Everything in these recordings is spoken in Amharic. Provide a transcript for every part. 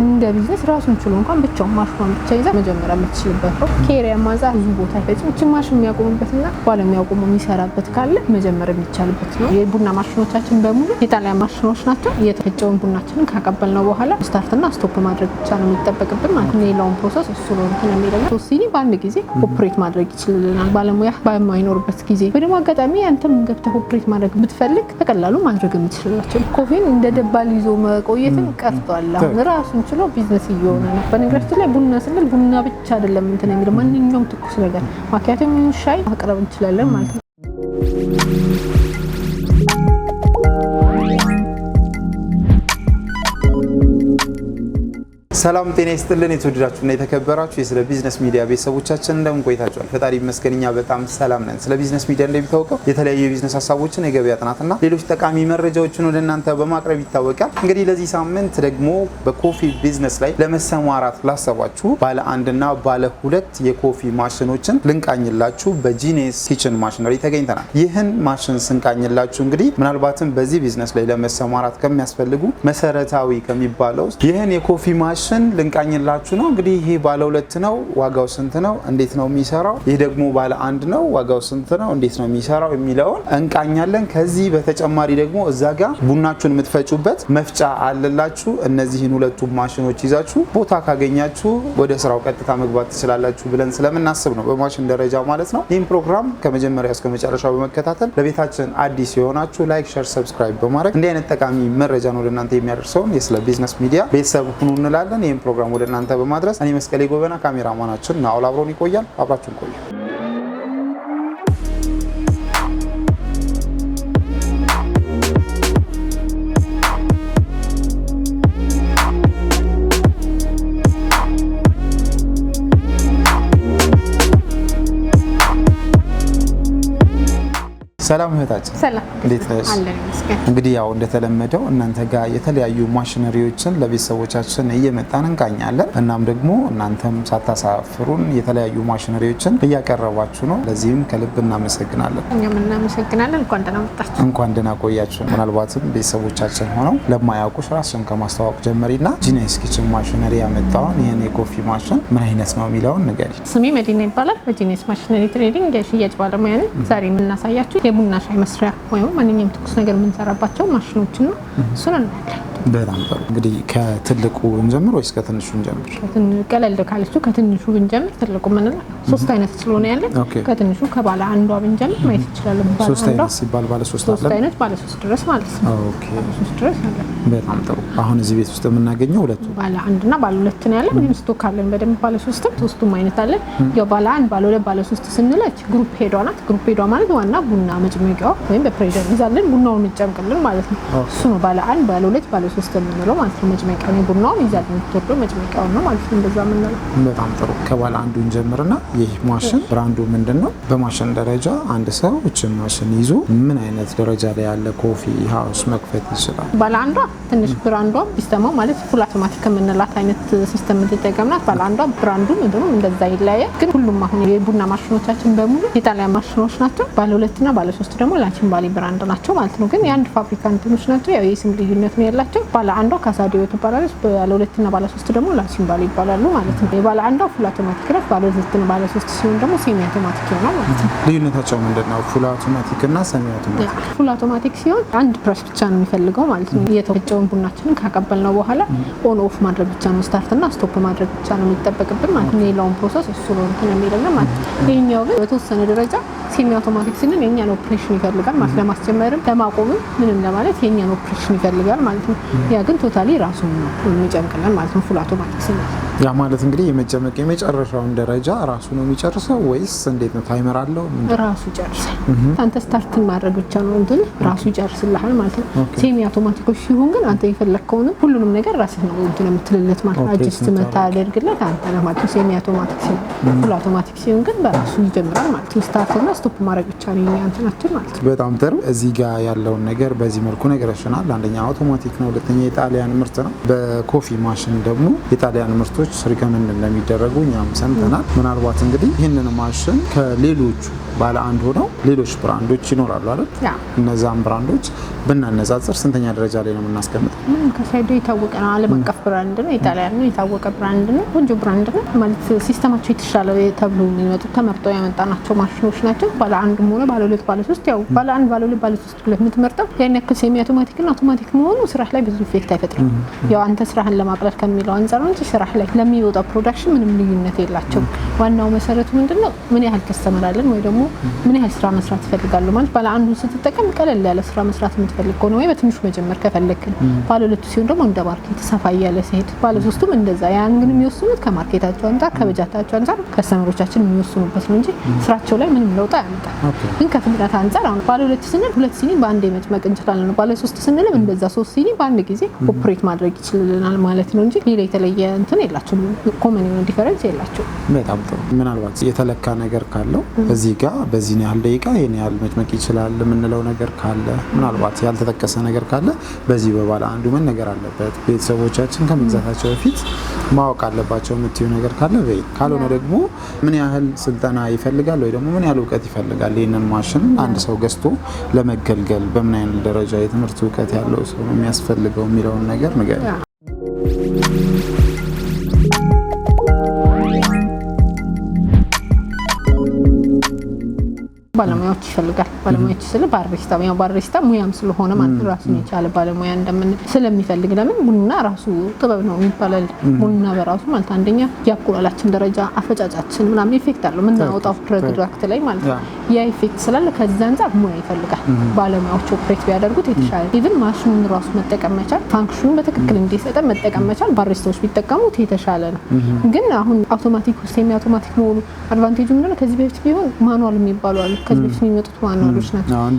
እንደ ቢዝነስ ራሱን ችሎ እንኳን ብቻውን ማሽኗን ብቻ ይዛ መጀመሪያ የምትችልበት ነው። ኬሪያ ማዛ ብዙ ቦታ አይፈጭም። እችን ማሽን ና ባለሙያው ቆሞ የሚሰራበት ካለ መጀመር የሚቻልበት ነው። የቡና ማሽኖቻችን በሙሉ የጣሊያን ማሽኖች ናቸው። የተፈጨውን ቡናችንን ካቀበል ነው በኋላ ስታርትና ስቶፕ ማድረግ ብቻ ነው የሚጠበቅብን ማለት ነው። ሌላውን ፕሮሰስ እሱ ነው እንትን የሚለና ሶስት ሲኒ በአንድ ጊዜ ኦፕሬት ማድረግ ይችልልናል። ባለሙያ በማይኖርበት ጊዜ ወይ ደግሞ አጋጣሚ ያንተም ገብተህ ኦፕሬት ማድረግ ብትፈልግ በቀላሉ ማድረግ የምትችልላቸው። ኮፊን እንደ ደባል ይዞ መቆየትን ቀርቷል። አሁን ራሱ ችሎ ቢዝነስ እየሆነ ነው። በነገራችን ላይ ቡና ስንል ቡና ብቻ አይደለም እንትን የሚለው ማንኛውም ትኩስ ነገር ማኪያቶ፣ ሻይ ማቅረብ እንችላለን ማለት ነው። ሰላም ጤና ይስጥልን። የተወደዳችሁና የተከበራችሁ የስለ ቢዝነስ ሚዲያ ቤተሰቦቻችን እንደምን ቆይታችኋል? ፈጣሪ ይመስገን እኛ በጣም ሰላም ነን። ስለ ቢዝነስ ሚዲያ እንደሚታወቀው የተለያዩ የቢዝነስ ሀሳቦችን፣ የገበያ ጥናትና ሌሎች ጠቃሚ መረጃዎችን ወደ እናንተ በማቅረብ ይታወቃል። እንግዲህ ለዚህ ሳምንት ደግሞ በኮፊ ቢዝነስ ላይ ለመሰማራት ላሰባችሁ ባለ አንድና ባለ ሁለት የኮፊ ማሽኖችን ልንቃኝላችሁ በጂኔስ ኪችን ማሽነሪ ተገኝተናል። ይህን ማሽን ስንቃኝላችሁ እንግዲህ ምናልባትም በዚህ ቢዝነስ ላይ ለመሰማራት ከሚያስፈልጉ መሰረታዊ ከሚባለው ይህን የኮፊ ማሽን እሱን ልንቃኝላችሁ ነው። እንግዲህ ይህ ባለ ሁለት ነው፣ ዋጋው ስንት ነው? እንዴት ነው የሚሰራው? ይህ ደግሞ ባለ አንድ ነው፣ ዋጋው ስንት ነው? እንዴት ነው የሚሰራው የሚለውን እንቃኛለን። ከዚህ በተጨማሪ ደግሞ እዛ ጋር ቡናችሁን የምትፈጩበት መፍጫ አለላችሁ። እነዚህን ሁለቱ ማሽኖች ይዛችሁ ቦታ ካገኛችሁ ወደ ስራው ቀጥታ መግባት ትችላላችሁ ብለን ስለምናስብ ነው፣ በማሽን ደረጃ ማለት ነው። ይህም ፕሮግራም ከመጀመሪያ እስከ መጨረሻው በመከታተል ለቤታችን አዲስ የሆናችሁ ላይክ፣ ሸር፣ ሰብስክራይብ በማድረግ እንዲህ አይነት ጠቃሚ መረጃ ነው ለእናንተ የሚያደርሰውን የስለ ቢዝነስ ሚዲያ ቤተሰብ ሁኑ እንላለን። ይህም ፕሮግራም ወደ እናንተ በማድረስ እኔ መስቀሌ ጎበና፣ ካሜራማናችን ናኦል አብሮን ይቆያል። አብራችሁን ቆያል። ሰላም እህታችን፣ እንዴት ነሽ? እንግዲህ ያው እንደተለመደው እናንተ ጋር የተለያዩ ማሽነሪዎችን ለቤተሰቦቻችን እየመጣን እንቃኛለን። እናም ደግሞ እናንተም ሳታሳፍሩን የተለያዩ ማሽነሪዎችን እያቀረባችሁ ነው። ለዚህም ከልብ እናመሰግናለን። እኛም እናመሰግናለን። እንኳን ደህና መጣችሁ፣ እንኳን ደህና ቆያችሁ። ምናልባትም ቤተሰቦቻችን ሆነው ለማያውቁሽ ራስሽን ከማስተዋወቅ ጀመሪና ጂኒየስ ኪችን ማሽነሪ ያመጣውን ይህን የኮፊ ማሽን ምን አይነት ነው የሚለውን ንገሪ። ስሜ መዲና ይባላል። በጂኒየስ ማሽነሪ ትሬዲንግ የሽያጭ ባለሙያ ነኝ። ዛሬ የምናሳያችሁ ቡና ሻይ መስሪያ ወይም ማንኛውም ትኩስ ነገር የምንሰራባቸው ማሽኖችን ነው። እሱን እናያለን። በጣም ጥሩ እንግዲህ ከትልቁ እንጀምር ወይስ ከትንሹ እንጀምር? ቀለል ካለችው ከትንሹ ብንጀምር ትልቁ ምንለ ሶስት አይነት ስለሆነ ያለ ከትንሹ ከባለ አንዷ ብንጀምር ማየት እንችላለን። ሶስት አይነት ሲባል ባለ ሶስት አለ ሶስት አይነት ባለ ሶስት ድረስ ማለት ነው። ኦኬ ሶስት ድረስ አለ። በጣም ጥሩ አሁን እዚህ ቤት ውስጥ የምናገኘው ሁለቱ ባለ አንድ እና ባለ ሁለት ነው ያለን። ግን ስቶክ አለን በደንብ ባለ ሶስትም ሶስቱም አይነት አለ። ያው ባለ አንድ ባለ ሁለት ባለ ሶስት ስንለች ግሩፕ ሄዷ ናት። ግሩፕ ሄዷ ማለት ዋና ቡና መጭመቂያ ወይም በፕሬሸር ይዛለን ቡናውን እንጨምቅልን ማለት ነው። እሱ ነው ባለ አንድ ባለ ሁለት ባለ ሶስት የምንለው ማለት ነው። መጭመቂያ ነው ቡናው ይዛል የምትወደው መጭመቂያው ነው ማለት ነው። እንደዛ የምንለው በጣም ጥሩ። ከባለ አንዱን ጀምርና ይህ ማሽን ብራንዱ ምንድን ነው? በማሽን ደረጃ አንድ ሰው እችን ማሽን ይዞ ምን አይነት ደረጃ ላይ ያለ ኮፊ ሀውስ መክፈት ይችላል? ባለ አንዷ ትንሽ ብራንዷ ቢስተማ ማለት ፉል አውቶማቲክ የምንላት አይነት ሲስተም የምትጠቀምናት ባለ አንዷ ብራንዱ ምንድነው እንደዛ ይለያል። ግን ሁሉም አሁን የቡና ማሽኖቻችን በሙሉ የጣሊያን ማሽኖች ናቸው። ባለ ሁለትና ባለ ሶስት ደግሞ ላችን ባሊ ብራንድ ናቸው ማለት ነው። ግን የአንድ ፋብሪካ እንትኖች ናቸው። ያው የስም ልዩነት ነው ያላቸው ባለ አንዷ ካሳዲዮ ትባላለች። ባለ ሁለትና ባለ ሶስት ደግሞ ላሲምባል ይባላሉ ማለት ነው። የባለ አንዷ ፉል አውቶማቲክ ናት። ባለ ሁለትና ባለ ሶስት ሲሆን ደግሞ ሴሚ አውቶማቲክ ይሆናል ማለት ነው። ልዩነታቸው ምንድን ነው? ፉል አውቶማቲክ እና ሴሚ አውቶማቲክ። ፉል አውቶማቲክ ሲሆን አንድ ፕረስ ብቻ ነው የሚፈልገው ማለት ነው። የተፈጨውን ቡናችንን ካቀበል ነው በኋላ ኦን ኦፍ ማድረግ ብቻ ነው፣ ስታርት ስታርትና ስቶፕ ማድረግ ብቻ ነው የሚጠበቅብን ማለት ነው። ሌላውን ፕሮሰስ እሱ ነው እንትን የሚለልን ማለት ነው። ይህኛው ግን በተወሰነ ደረጃ ሴሚ አውቶማቲክ ስንል የኛን ኦፕሬሽን ይፈልጋል ማለት ለማስጀመርም ለማቆምም ምንም ለማለት የኛን ኦፕሬሽን ይፈልጋል ማለት ነው። ያ ግን ቶታሊ ራሱን ነው የሚጨምቅልን ማለት ነው ፉላቶ ማለት ስንል ያ ማለት እንግዲህ የመጨመቅ የመጨረሻውን ደረጃ ራሱ ነው የሚጨርሰው ወይስ እንዴት ነው? ታይመር አለው? ራሱ ይጨርሳል። አንተ ስታርትን ማድረግ ብቻ ነው እንትን ራሱ ይጨርስልሃል ማለት ነው። ሴሚ አውቶማቲኮች ሲሆን ግን አንተ የፈለግከውን ሁሉንም ነገር ራስህ ነው እንትን የምትልለት ማለት ነው። አጅስት መታደርግለት አንተ ነህ ማለት ነው። ሴሚ አውቶማቲክ ሲሆን፣ ሁሉ አውቶማቲክ ሲሆን ግን በራሱ ይጀምራል ማለት ነው። ስታርት እና ስቶፕ ማድረግ ብቻ ነው የእኛ እንትናችን ማለት ነው። በጣም ጥሩ። እዚህ ጋር ያለውን ነገር በዚህ መልኩ ነግረሽናል። አንደኛ አውቶማቲክ ነው፣ ሁለተኛ የጣሊያን ምርት ነው። በኮፊ ማሽን ደግሞ የጣሊያን ምርቶች ማሽኖች ሪከመንድ እንደሚደረጉ እኛም ሰምተናል። ምናልባት እንግዲህ ይህንን ማሽን ከሌሎቹ ባለ አንድ ሆነው ሌሎች ብራንዶች ይኖራሉ አይደል? እነዛም ብራንዶች ብናነጻጽር ስንተኛ ደረጃ ላይ ነው የምናስቀምጥ? ከሳይዶ የታወቀ ነው። ዓለም አቀፍ ብራንድ ነው። ኢጣሊያን ነው፣ የታወቀ ብራንድ ነው። ቆንጆ ብራንድ ነው ማለት ሲስተማቸው የተሻለ ተብሎ የሚመጡት ተመርጠው ያመጣናቸው ማሽኖች ናቸው። ባለ አንድም ሆነ ባለ ሁለት፣ ባለ ሶስት ያው ባለ አንድ፣ ባለ ሁለት፣ ባለ ሶስት ብለህ የምትመርጠው ያን ያክል ሴሚ አውቶማቲክ አውቶማቲክና አውቶማቲክ መሆኑ ስራህ ላይ ብዙ ኢፌክት አይፈጥርም። ያው አንተ ስራህን ለማቅለል ከሚለው አንጻር ነው እንጂ ስራህ ላይ ለሚወጣው ፕሮዳክሽን ምንም ልዩነት የላቸው። ዋናው መሰረቱ ምንድን ነው? ምን ያህል ተስተምራለን ወይ ደግሞ ምን ያህል ስራ መስራት ይፈልጋሉ ማለት ባለ አንዱን ስትጠቀም ቀለል ያለ ስራ መስራት የምትፈልግ ከሆነ ወይ በትንሹ መጀመር ከፈለግን፣ ባለ ሁለቱ ሲሆን ደግሞ እንደ ማርኬት ሰፋ እያለ ሲሄድ፣ ባለ ሶስቱም እንደዛ። ያን ግን የሚወስኑት ከማርኬታቸው አንጻር ከበጃታቸው አንጻር ከስተምሮቻችን የሚወስኑበት ነው እንጂ ስራቸው ላይ ምንም ለውጥ አያመጣም። ግን ከፍጥነት አንጻር አሁን ባለ ሁለት ስንል ሁለት ሲኒ በአንድ መጭመቅ እንችላለን። ባለ ሶስት ስንልም እንደዛ ሶስት ሲኒ በአንድ ጊዜ ኦፕሬት ማድረግ ይችልልናል ማለት ነው እንጂ ሌላ የተለየ እንትን የላቸው የላችሁም ኮመን የሆነ ዲፈረንስ የላችሁም። በጣም ጥሩ። ምናልባት የተለካ ነገር ካለው እዚህ ጋር በዚህን ያህል ደቂቃ ይህን ያህል መጭመቅ ይችላል የምንለው ነገር ካለ ምናልባት ያልተጠቀሰ ነገር ካለ በዚህ በባለ አንዱ ምን ነገር አለበት ቤተሰቦቻችን ከመግዛታቸው በፊት ማወቅ አለባቸው የምትዩ ነገር ካለ በይ። ካልሆነ ደግሞ ምን ያህል ስልጠና ይፈልጋል ወይ ደግሞ ምን ያህል እውቀት ይፈልጋል ይህንን ማሽን አንድ ሰው ገዝቶ ለመገልገል በምን አይነት ደረጃ የትምህርት እውቀት ያለው ሰው የሚያስፈልገው የሚለውን ነገር ንገር። ባለሙያዎች ይፈልጋል። ባለሙያዎች ስል ባሪስታ ያው ባሪስታ ሙያም ስለሆነ ማለት ራሱን የቻለ ባለሙያ እንደምን ስለሚፈልግ ለምን ቡና ራሱ ጥበብ ነው የሚባላል። ቡና በራሱ ማለት አንደኛ የአቆላላችን ደረጃ አፈጫጫችን ምናምን ኢፌክት አለው የምናወጣው ፕሮዳክት ላይ ማለት ነው። ያ ኢፌክት ስላለ ከዛ አንጻር ሙያ ይፈልጋል። ባለሙያዎች ኦፕሬት ቢያደርጉት የተሻለ ኢቭን ማሽኑን ራሱ መጠቀም መቻል ፋንክሽኑን በትክክል እንዲሰጠ መጠቀም መቻል ባሪስታዎች ቢጠቀሙት የተሻለ ነው። ግን አሁን አውቶማቲክ ውስጥ የሚ አውቶማቲክ መሆኑ አድቫንቴጁ ምንድነው? ከዚህ በፊት ቢሆን ማኑዋል የሚባሉ አሉ ከዚህ በፊት የሚመጡት ዋናዎች ናቸው። አሁን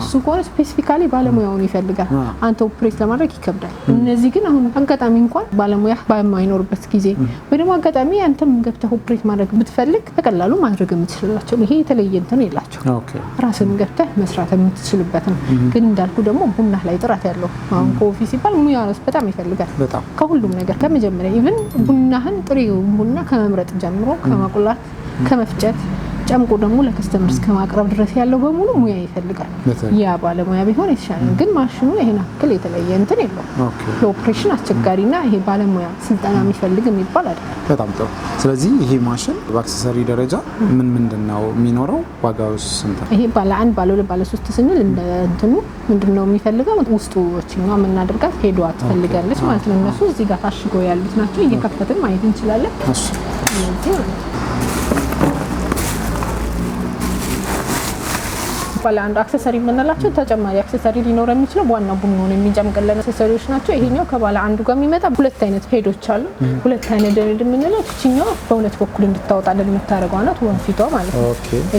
እሱ ከሆነ ስፔሲፊካሊ ባለሙያውን ይፈልጋል። አንተ ኦፕሬት ለማድረግ ይከብዳል። እነዚህ ግን አሁን አጋጣሚ እንኳን ባለሙያ በማይኖርበት ጊዜ ወይ ደግሞ አጋጣሚ አንተም ገብተህ ኦፕሬት ማድረግ ብትፈልግ በቀላሉ ማድረግ የምትችላቸው ይሄ የተለየ እንትን የላቸው ራስን ገብተህ መስራት የምትችልበት ነው። ግን እንዳልኩ ደግሞ ቡና ላይ ጥራት ያለው አሁን ከኦፊስ ሲባል ሙያ በጣም ይፈልጋል። ከሁሉም ነገር ከመጀመሪያ ኢቭን ቡናህን ጥሬ ቡና ከመምረጥ ጀምሮ ከማቁላት ከመፍጨት ጨምቆ ደግሞ ለከስተመር እስከ ማቅረብ ድረስ ያለው በሙሉ ሙያ ይፈልጋል። ያ ባለሙያ ቢሆን የተሻለ ግን ማሽኑ ይሄን አክል የተለየ እንትን የለውም። ለኦፕሬሽን አስቸጋሪና ይሄ ባለሙያ ስልጠና የሚፈልግ የሚባል አይደለም። በጣም ጥሩ። ስለዚህ ይሄ ማሽን በአክሰሰሪ ደረጃ ምን ምንድን ነው የሚኖረው? ዋጋው ስንት ነው? ይሄ ባለ አንድ፣ ባለ ሁለት፣ ባለ ሶስት ስንል እንደ እንትኑ ምንድን ነው የሚፈልገው ውስጡ ችኛ የምናደርጋት ሄዷ ትፈልጋለች ማለት ነው። እነሱ እዚህ ጋር ታሽጎ ያሉት ናቸው። እየከፈትን ማየት እንችላለን። እነዚህ ማለት ነው ባለ አንዱ አክሰሰሪ የምንላቸው ተጨማሪ አክሰሰሪ ሊኖር የሚችለው ዋናው ቡናውን የሚጨምቅለን አክሰሰሪዎች ናቸው። ይሄኛው ከባለ አንዱ ጋር የሚመጣ ሁለት አይነት ሄዶች አሉ። ሁለት አይነት ደንድ የምንለው እችኛው በሁለት በኩል እንድታወጣለን የምታደርገው ናት፣ ወንፊቷ ማለት ነው።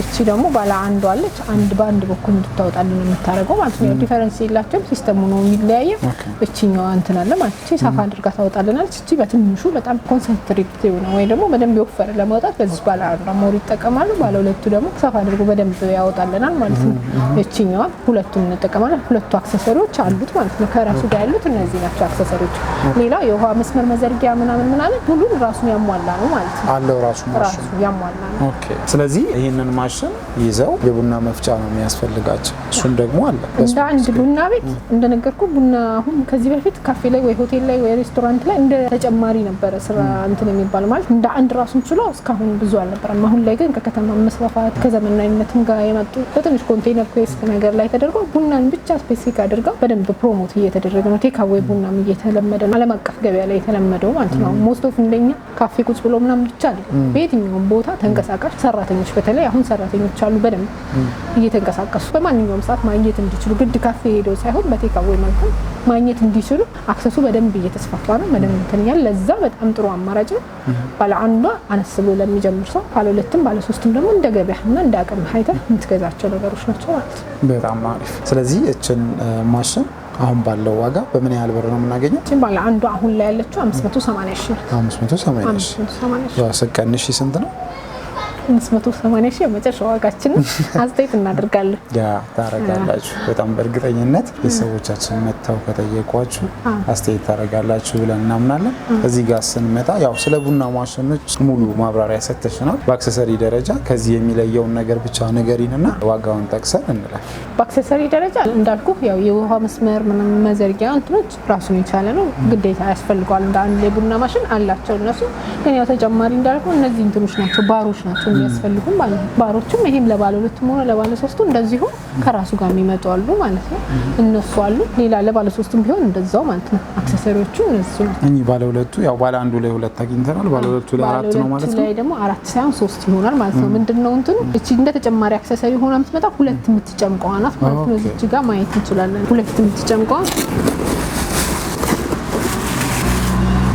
እቺ ደግሞ ባለ አንዱ አለች፣ አንድ በአንድ በኩል እንድታወጣለን የምታደርገው ማለት ነው። ዲፈረንስ የላቸውም፣ ሲስተሙ ነው የሚለያየው። እችኛዋ እንትናለ ማለት ሳፋ አድርጋ ታወጣልናለች። እቺ በትንሹ በጣም ኮንሰንትሬት የሆነ ወይ ደግሞ በደንብ የወፈረ ለማውጣት በዚህ ባለ አንዱ ሞር ይጠቀማሉ። ባለ ሁለቱ ደግሞ ሳፋ አድርጎ በደንብ ያወጣልናል ማለት ነው። እችኛዋ ሁለቱን እንጠቀማለን። ሁለቱ አክሰሰሪዎች አሉት ማለት ነው። ከራሱ ጋር ያሉት እነዚህ ናቸው አክሰሰሪዎች። ሌላው የውሃ መስመር መዘርጊያ ምናምን ምናምን ሁሉን ራሱን ያሟላ ነው ማለት ነው። አለው ራሱ ራሱ ያሟላ ነው። ኦኬ። ስለዚህ ይህንን ማሽን ይዘው የቡና መፍጫ ነው የሚያስፈልጋቸው። እሱም ደግሞ አለ እንደ አንድ ቡና ቤት እንደነገርኩ ቡና አሁን ከዚህ በፊት ካፌ ላይ ወይ ሆቴል ላይ ወይ ሬስቶራንት ላይ እንደ ተጨማሪ ነበረ ስራ እንትን የሚባል ማለት እንደ አንድ ራሱን ችሎ እስካሁን ብዙ አልነበረም። አሁን ላይ ግን ከከተማ መስፋፋት ከዘመናዊነትም ጋር የመጡ በትንሽ ኮንቴ ቴሌኩዌስት ነገር ላይ ተደርጎ ቡናን ብቻ ስፔሲፊክ አድርገው በደንብ ፕሮሞት እየተደረገ ነው። ቴካዌ ቡናም እየተለመደ ነው፣ ዓለም አቀፍ ገበያ ላይ የተለመደው ማለት ነው። ሞስት ኦፍ እንደኛ ካፌ ቁጭ ብሎ ምናም ብቻ አለ። በየትኛውም ቦታ ተንቀሳቃሽ ሰራተኞች፣ በተለይ አሁን ሰራተኞች አሉ በደንብ እየተንቀሳቀሱ በማንኛውም ሰዓት ማግኘት እንዲችሉ ግድ ካፌ ሄደው ሳይሆን በቴካዌ መልኩም ማግኘት እንዲችሉ አክሰሱ በደንብ እየተስፋፋ ነው። በደንብ እንትን እያለ ለዛ በጣም ጥሩ አማራጭ ነው። ባለ አንዷ አነስ ብሎ ለሚጀምር ሰው፣ ባለ ሁለትም ባለ ሶስትም ደግሞ እንደ ገበያ እና እንደ አቅም ሀይተ የምትገዛቸው ነገሮች ናቸው ማለት ነው። በጣም አሪፍ። ስለዚህ እችን ማሽን አሁን ባለው ዋጋ በምን ያህል ብር ነው የምናገኘው? እችን ባለ አንዷ አሁን ላይ ያለችው 580 ሺህ 580 ስንት ነው? 580 ሺህ የመጨረሻ ዋጋችን አስተያየት እናደርጋለን። ያ ታረጋላችሁ። በጣም በእርግጠኝነት ቤተሰቦቻችን መጥተው ከጠየቋችሁ አስተያየት ታደርጋላችሁ ብለን እናምናለን። እዚህ ጋር ስንመጣ ያው ስለ ቡና ማሽኖች ሙሉ ማብራሪያ ሰጥተሽናል። በአክሰሰሪ ደረጃ ከዚህ የሚለየውን ነገር ብቻ ንገሪንና ዋጋውን ጠቅሰን እንላል። በአክሰሰሪ ደረጃ እንዳልኩ ያው የውሃ መስመር መዘርጊያ እንትኖች ራሱን የቻለ ነው፣ ግዴታ ያስፈልገዋል። እንደ አንድ የቡና ማሽን አላቸው እነሱ። ግን ያው ተጨማሪ እንዳልኩ እነዚህ እንትኖች ናቸው፣ ባሮች ናቸው የሚያስፈልጉም ማለት ነው። ባሮችም ይሄም ለባለ ሁለቱም ሆነ ለባለ ሶስቱ እንደዚሁ ከራሱ ጋር የሚመጡ አሉ ማለት ነው። እነሱ አሉ። ሌላ ለባለ ሶስቱም ቢሆን እንደዛው ማለት ነው። አክሰሰሪዎቹ እነሱ ናቸው። እኚህ ባለ ሁለቱ ያው ባለ አንዱ ላይ ሁለት አግኝተናል። ባለ ሁለቱ ላይ አራት ነው ማለት ነው። ላይ ደግሞ አራት ሳይሆን ሶስት ይሆናል ማለት ነው። ምንድነው እንትኑ እቺ እንደ ተጨማሪ አክሰሰሪ ሆና የምትመጣ ሁለት የምትጨምቀዋ ናት ማለት ነው። እዚህ ጋር ማየት እንችላለን። ሁለት የምትጨምቀዋ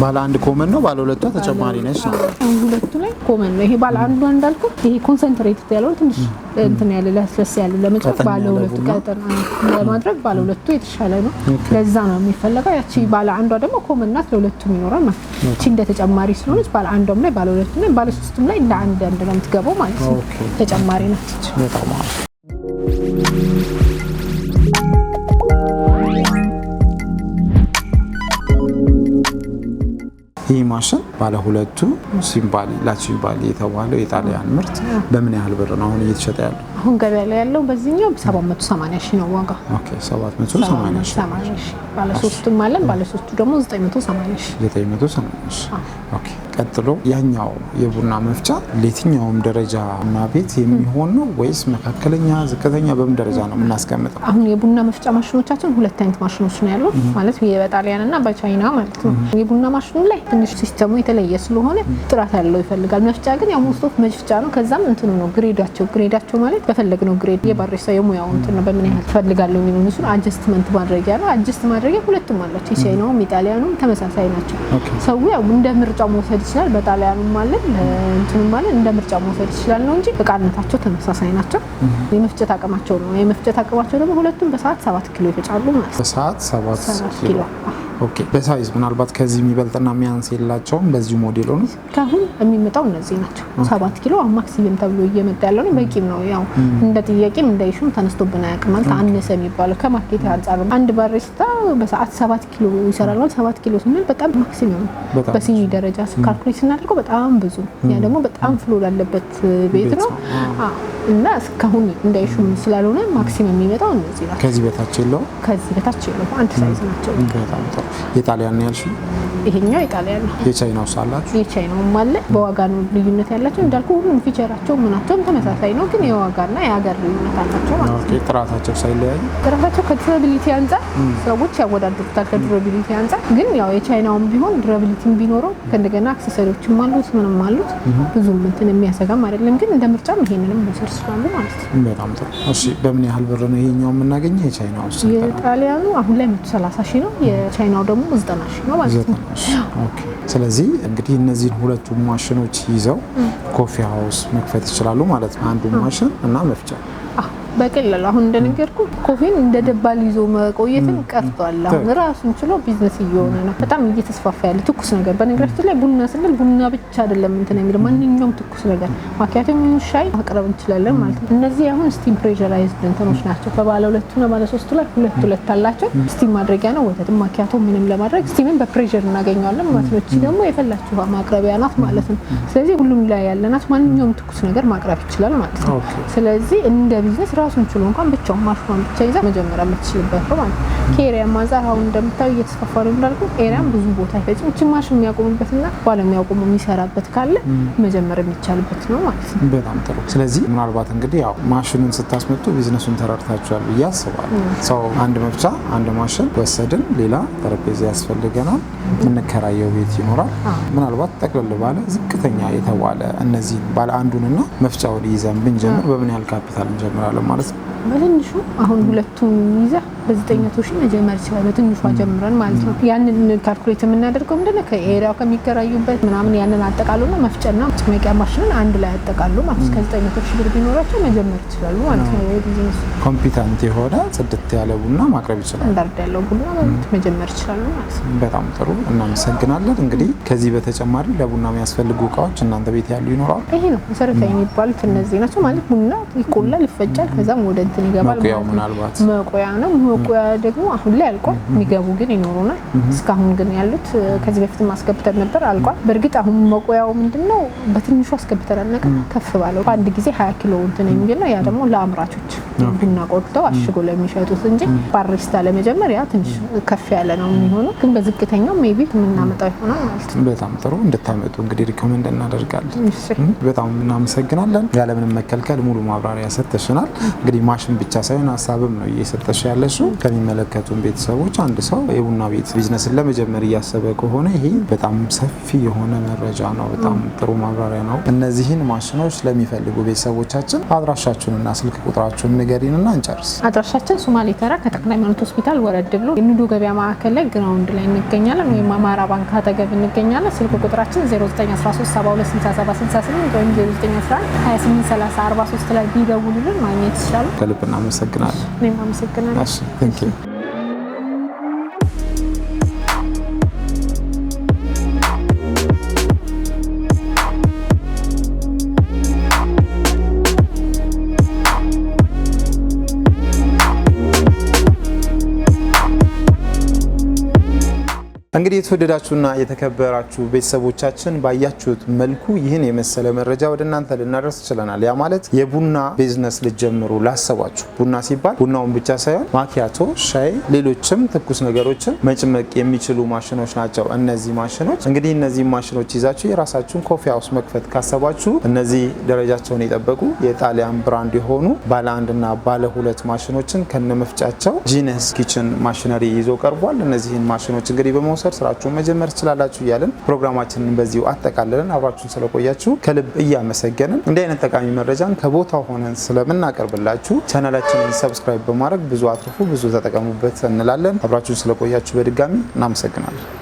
ባለ አንድ ኮመን ነው፣ ባለ ሁለቷ ተጨማሪ ነች። ሁለቱ ላይ ኮመን ነው። ይሄ ባለ አንዷ እንዳልኩ ይሄ ኮንሰንትሬትድ ያለው ትንሽ እንትን ያለ ለስለስ ያለ ለመጫወት ባለ ሁለቱ ቀጠን ለማድረግ ባለ ሁለቱ የተሻለ ነው። ለዛ ነው የሚፈለገው። ያቺ ባለ አንዷ ደግሞ ኮመን ናት፣ ለሁለቱም ይኖራል ማለት ነው። እቺ እንደ ተጨማሪ ስለሆነች ባለ አንዷም ላይ ባለ ሁለቱም ላይ ባለ ሶስቱም ላይ እንደ አንድ አንድ ነው የምትገባው ማለት ነው። ተጨማሪ ናት። ይህ ማሽን ባለሁለቱ ሲምባሊ ላሲምባሊ የተባለው የጣሊያን ምርት በምን ያህል ብር ነው አሁን እየተሸጠ ያለው? አሁን ገበያ ላይ ያለው በዚህኛው 780 ሺህ ነው ዋጋ ኦኬ 780 ሺህ። ሶስቱም አለን። ሶስቱ ደግሞ 980 ሺህ 980 ሺህ። ኦኬ ቀጥሎ ያኛው የቡና መፍጫ ለየትኛውም ደረጃ እና ቤት የሚሆን ነው ወይስ መካከለኛ፣ ዝቅተኛ በምን ደረጃ ነው የምናስቀምጠው? አሁን የቡና መፍጫ ማሽኖቻችን ሁለት አይነት ማሽኖች ነው ያሉት ማለት በጣሊያን እና በቻይና ማለት ነው። የቡና ማሽኑ ላይ ትንሽ ሲስተሙ የተለየ ስለሆነ ጥራት ያለው ይፈልጋል። መፍጫ ግን ያው ሞስቶፍ መፍጫ ነው። ከዛም እንትኑ ነው ግሬዳቸው ግሬዳቸው ማለት በፈለግነው ግሬድ የባሬሳ የሙያው እንትን ነው። በምን ያህል ፈልጋለሁ የሚሆን እሱን አጀስትመንት ማድረጊያ ነው። አጀስት ማድረጊያ ሁለቱም አላቸው። የቻይናውም ኢጣሊያኑም ተመሳሳይ ናቸው። ሰው ያው እንደ ምርጫ መውሰድ ይችላል። በጣሊያኑም አለ እንትኑም አለ እንደ ምርጫ መውሰድ ይችላል ነው እንጂ እቃነታቸው ተመሳሳይ ናቸው። የመፍጨት አቅማቸው ነው የመፍጨት አቅማቸው ደግሞ ሁለቱም በሰዓት ሰባት ኪሎ ይፈጫሉ ማለት ነው። በሰዓት ሰባት ኪሎ ኦኬ። በሳይዝ ምናልባት ከዚህ የሚበልጥና የሚያንስ የላቸውም። በዚሁ ሞዴል ነው ካሁን የሚመጣው እነዚህ ናቸው። ሰባት ኪሎ አማክስየም ተብሎ እየመጣ ያለው ነው። በቂም ነው። ያው እንደ ጥያቄም እንደ ይሹም ተነስቶብን አያውቅም። ማለት አነሰ የሚባለው ከማርኬት አንጻር አንድ ባሬስታ በሰዓት ሰባት ኪሎ ይሰራል። ማለት ሰባት ኪሎ ስንል በጣም ማክሲመም ነው። በሲኒ ደረጃ ካልኩሌት ስናደርገው በጣም ብዙ ያ ደግሞ በጣም ፍሎ ላለበት ቤት ነው። እና እስካሁን እንደ ኢሹ ስላልሆነ ማክሲመም የሚመጣው እነዚህ ናቸው። ከዚህ በታች የለውም። ከዚህ በታች የለውም። አንድ ሳይዝ ናቸው። በጣም ጥሩ። የጣሊያን ነው ያልሽው? ይሄኛው የጣሊያ ነው። የቻይናው ሳላችሁ የቻይናው አለ። በዋጋ ነው ልዩነት ያላቸው እንዳልኩ፣ ሁሉም ፊቸራቸው ምናቸውም ተመሳሳይ ነው፣ ግን የዋጋና የሀገር ልዩነት አላቸው ማለት ነው። ጥራታቸው ሳይለያዩ ጥራታቸው ከዱራቢሊቲ አንጻር ሰዎች ያወዳድሩታል። ከዱራቢሊቲ አንጻር ግን ያው የቻይናውም ቢሆን ዱራቢሊቲም ቢኖረው ከእንደገና አክሰሰሪዎችም አሉት ምንም አሉት ብዙም እንትን የሚያሰጋም አይደለም። ግን እንደ ምርጫም ይሄንንም መውሰድ ስላሉ ማለት ነው። በጣም ጥሩ። እሺ በምን ያህል ብር ነው ይሄኛው የምናገኘው? የቻይናው የጣሊያኑ አሁን ላይ መቶ ሰላሳ ሺህ ነው። የቻይናው ደግሞ 90 ሺ ነው ማለት ነው። ስለዚህ እንግዲህ እነዚህን ሁለቱ ማሽኖች ይዘው ኮፊ ሀውስ መክፈት ይችላሉ ማለት ነው። አንዱ ማሽን እና መፍጫ በቀላሉ አሁን እንደነገርኩ ኮፊን እንደ ደባል ይዞ መቆየትን ቀርቷል። አሁን ራሱን ችሎ ቢዝነስ እየሆነ ነው፣ በጣም እየተስፋፋ ያለ ትኩስ ነገር። በነገራችን ላይ ቡና ስንል ቡና ብቻ አይደለም እንትን የሚለው ማንኛውም ትኩስ ነገር ማኪያቶም ይሁን ሻይ ማቅረብ እንችላለን ማለት ነው። እነዚህ አሁን ስቲም ፕሬሸራይዝድ እንትኖች ናቸው። በባለ ሁለቱና ባለ ሶስቱ ላይ ሁለት ሁለት አላቸው። ስቲም ማድረጊያ ነው። ወተትም ማኪያቶ ምንም ለማድረግ ስቲምን በፕሬሸር እናገኘዋለን ማለት ነው። እቺ ደግሞ የፈላችሁ ማቅረቢያ ናት ማለት ነው። ስለዚህ ሁሉም ላይ ያለናት ማንኛውም ትኩስ ነገር ማቅረብ ይችላል ማለት ነው። ስለዚህ እንደ ቢዝነስ ራሱን ችሎ እንኳን ብቻውን ማሽሯን ብቻ ይዛ መጀመሪያ የምትችልበት ነው ማለት ነው። ከኤሪያም አሁን እንደምታዩ እየተስፋፋ ነው እንዳልኩ፣ ኤሪያም ብዙ ቦታ አይፈጭም። እችን ማሽን የሚያቆምበትና ባለሙያ ቆሞ የሚሰራበት ካለ መጀመር የሚቻልበት ነው ማለት ነው። በጣም ጥሩ። ስለዚህ ምናልባት እንግዲህ ያው ማሽኑን ስታስመጡ ቢዝነሱን ተረድታችኋል ብዬ አስባለሁ። ሰው አንድ መፍቻ አንድ ማሽን ወሰድን፣ ሌላ ጠረጴዛ ያስፈልገናል፣ የምንከራየው ቤት ይኖራል። ምናልባት ጠቅልል ባለ ዝቅተኛ የተባለ እነዚህ ባለ አንዱንና መፍጫውን ይዘን ብንጀምር በምን ያህል ካፒታል እንጀምራለን? আমার በትንሹ አሁን ሁለቱም ይዘህ በዘጠኝ መቶ ሺህ መጀመር ይችላል። በትንሿ ጀምረን ማለት ነው። ያንን ካልኩሌት የምናደርገው ምንድነው ከኤሪያው ከሚከራዩበት ምናምን ያንን ነው። መፍጨና ጭመቂያ ማሽንን አንድ ላይ አጠቃሉ ማለት እስከ መቶ ሺህ ብር ቢኖራቸው መጀመር ይችላሉ ማለት ነው። ቢዝነሱ ኮምፒታንት የሆነ ጽድት ያለ ቡና ማቅረብ ይችላል። እንዳርድ ያለው ቡና መጀመር ይችላሉ ማለት ነው። በጣም ጥሩ እናመሰግናለን። እንግዲህ ከዚህ በተጨማሪ ለቡና የሚያስፈልጉ እቃዎች እናንተ ቤት ያሉ ይኖራል? ይሄ ነው መሰረታዊ የሚባሉት እነዚህ ናቸው ማለት ቡና ይቆላል፣ ይፈጫል ከዛም ወደ እንትን ይገባል። መቆያ መቆያ ነው። መቆያ ደግሞ አሁን ላይ አልቋል። የሚገቡ ግን ይኖሩናል። እስካሁን ግን ያሉት ከዚህ በፊትም አስገብተን ነበር፣ አልቋል። በእርግጥ አሁን መቆያው ምንድን ነው በትንሹ አስገብተናል። ነገር ከፍ ባለው አንድ ጊዜ ሀያ ኪሎ እንትን የሚል ነው። ያ ደግሞ ለአምራቾች ቡና ቆልተው አሽጎ ለሚሸጡት እንጂ ባሪስታ ለመጀመር ያ ትንሽ ከፍ ያለ ነው የሚሆነው። ግን በዝቅተኛው ሜቢ የምናመጣው ይሆናል ማለት ነው። በጣም ጥሩ እንድታመጡ እንግዲህ ሪኮመንድ እናደርጋለን። በጣም እናመሰግናለን። ያለምንም መከልከል ሙሉ ማብራሪያ ሰጥተሽናል። እንግዲህ ምክሮችን ብቻ ሳይሆን ሀሳብም ነው እየሰጠሽ ያለሱ ከሚመለከቱን ቤተሰቦች አንድ ሰው የቡና ቤት ቢዝነስን ለመጀመር እያሰበ ከሆነ ይሄ በጣም ሰፊ የሆነ መረጃ ነው። በጣም ጥሩ ማብራሪያ ነው። እነዚህን ማሽኖች ለሚፈልጉ ቤተሰቦቻችን አድራሻችሁንና ስልክ ቁጥራችሁን ንገሪንና እንጨርስ። አድራሻችን ሶማሌ ተራ ከጠቅላይ ሃይማኖት ሆስፒታል ወረድ ብሎ የኑዶ ገበያ ማዕከል ላይ ግራውንድ ላይ እንገኛለን፣ ወይም አማራ ባንክ አጠገብ እንገኛለን። ስልክ ቁጥራችን 0913726768 ወይም 0911283043 ላይ ቢደውሉልን ማግኘት ይችላሉ። ከልብ እናመሰግናለን። እኔም አመሰግናለሁ። እንግዲህ የተወደዳችሁና የተከበራችሁ ቤተሰቦቻችን ባያችሁት መልኩ ይህን የመሰለ መረጃ ወደ እናንተ ልናደርስ ችለናል። ያ ማለት የቡና ቢዝነስ ልጀምሩ ላሰባችሁ፣ ቡና ሲባል ቡናውን ብቻ ሳይሆን ማኪያቶ፣ ሻይ፣ ሌሎችም ትኩስ ነገሮችን መጭመቅ የሚችሉ ማሽኖች ናቸው እነዚህ ማሽኖች። እንግዲህ እነዚህ ማሽኖች ይዛችሁ የራሳችሁን ኮፊ መክፈት ካሰባችሁ እነዚህ ደረጃቸውን የጠበቁ የጣሊያን ብራንድ የሆኑ ባለ አንድና ባለ ሁለት ማሽኖችን ከነመፍጫቸው ጂነስ ኪችን ማሽነሪ ይዞ ቀርቧል። እነዚህን ማሽኖች እንግዲህ በመውሰድ መውሰድ ስራችሁን መጀመር ትችላላችሁ እያለን ፕሮግራማችንን በዚሁ አጠቃልለን አብራችሁን ስለቆያችሁ ከልብ እያመሰገንን እንዲህ አይነት ጠቃሚ መረጃን ከቦታው ሆነን ስለምናቀርብላችሁ ቻናላችንን ሰብስክራይብ በማድረግ ብዙ አትርፉ፣ ብዙ ተጠቀሙበት እንላለን። አብራችሁን ስለቆያችሁ በድጋሚ እናመሰግናለን።